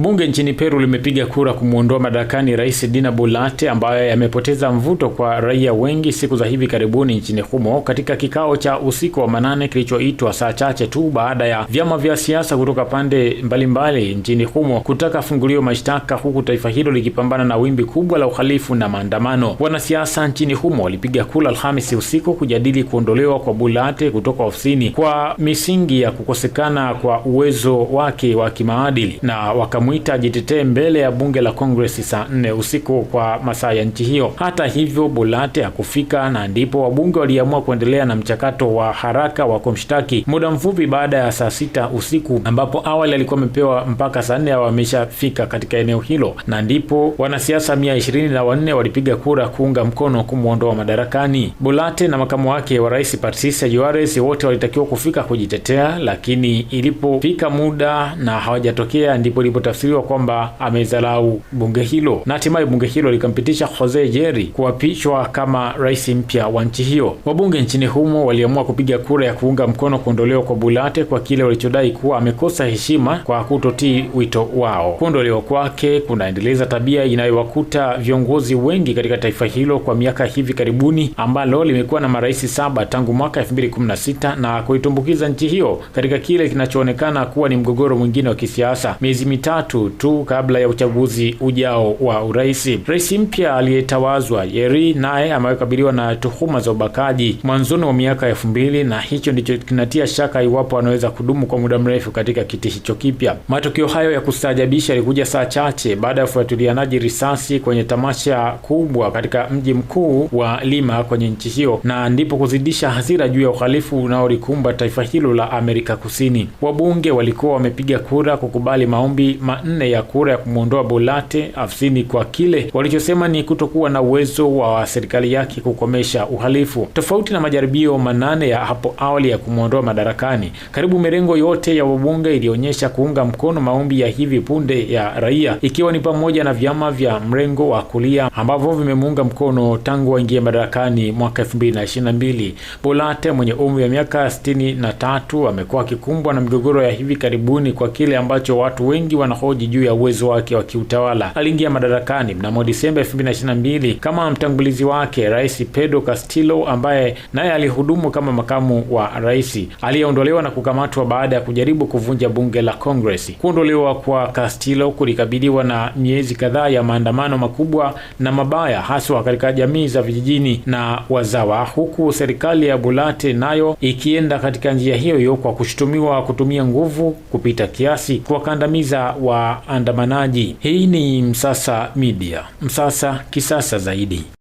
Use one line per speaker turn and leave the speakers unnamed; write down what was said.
Bunge nchini Peru limepiga kura kumwondoa madarakani Rais Dina Bulate ambaye yamepoteza mvuto kwa raia wengi siku za hivi karibuni nchini humo, katika kikao cha usiku wa manane kilichoitwa saa chache tu baada ya vyama vya siasa kutoka pande mbalimbali mbali nchini humo kutaka fungulio mashtaka, huku taifa hilo likipambana na wimbi kubwa la uhalifu na maandamano. Wanasiasa nchini humo walipiga kura Alhamisi usiku kujadili kuondolewa kwa Bulate kutoka ofisini kwa misingi ya kukosekana kwa uwezo wake wa kimaadili na waka amemwita ajitetee mbele ya bunge la Kongresi saa nne usiku kwa masaa ya nchi hiyo. Hata hivyo, Bulate hakufika na ndipo wabunge waliamua kuendelea na mchakato wa haraka wa kumshtaki muda mfupi baada ya saa sita usiku ambapo awali alikuwa amepewa mpaka saa nne awa ameshafika katika eneo hilo, na ndipo wanasiasa mia ishirini na wanne walipiga kura kuunga mkono kumwondoa madarakani. Bulate na makamu wake wa rais Patricia Juarez wote walitakiwa kufika kujitetea, lakini ilipofika muda na hawajatokea ndipo ilipo inatafsiriwa kwamba amedharau bunge hilo, na hatimaye bunge hilo likampitisha Jose Jeri kuapishwa kama rais mpya wa nchi hiyo. Wabunge nchini humo waliamua kupiga kura ya kuunga mkono kuondolewa kwa Bulate kwa kile walichodai kuwa amekosa heshima kwa kutotii wito wao. Kuondolewa kwake kunaendeleza tabia inayowakuta viongozi wengi katika taifa hilo kwa miaka hivi karibuni, ambalo limekuwa na marais saba tangu mwaka 2016 na kuitumbukiza nchi hiyo katika kile kinachoonekana kuwa ni mgogoro mwingine wa kisiasa miezi mitatu tatu tu kabla ya uchaguzi ujao wa urais. Rais mpya aliyetawazwa Yeri naye amekabiliwa na tuhuma za ubakaji mwanzoni wa miaka elfu mbili na hicho ndicho kinatia shaka iwapo anaweza kudumu kwa muda mrefu katika kiti hicho kipya. Matukio hayo ya kustaajabisha yalikuja saa chache baada ya ufuatilianaji risasi kwenye tamasha kubwa katika mji mkuu wa Lima kwenye nchi hiyo, na ndipo kuzidisha hasira juu ya uhalifu unaolikumba taifa hilo la Amerika Kusini. Wabunge walikuwa wamepiga kura kukubali maombi manne ya kura ya kumwondoa Bolate afisini kwa kile walichosema ni kutokuwa na uwezo wa serikali yake kukomesha uhalifu, tofauti na majaribio manane ya hapo awali ya kumwondoa madarakani. Karibu mirengo yote ya wabunge ilionyesha kuunga mkono maombi ya hivi punde ya raia, ikiwa ni pamoja na vyama vya mrengo wa kulia ambavyo vimemuunga mkono tangu waingie madarakani mwaka 2022. Bolate mwenye umri wa miaka sitini na tatu amekuwa akikumbwa na migogoro ya hivi karibuni kwa kile ambacho watu wengi wana hoji juu ya uwezo wake wa kiutawala. Aliingia madarakani mnamo Disemba 2022 kama mtangulizi wake Rais Pedro Castillo ambaye naye alihudumu kama makamu wa rais aliyeondolewa na kukamatwa baada ya kujaribu kuvunja bunge la Congress. Kuondolewa kwa Castillo kulikabiliwa na miezi kadhaa ya maandamano makubwa na mabaya haswa katika jamii za vijijini na wazawa, huku serikali ya Bulate nayo ikienda katika njia hiyo hiyo kwa kushutumiwa kutumia nguvu kupita kiasi kuwakandamiza waandamanaji. Hii ni Msasa Media, Msasa kisasa zaidi.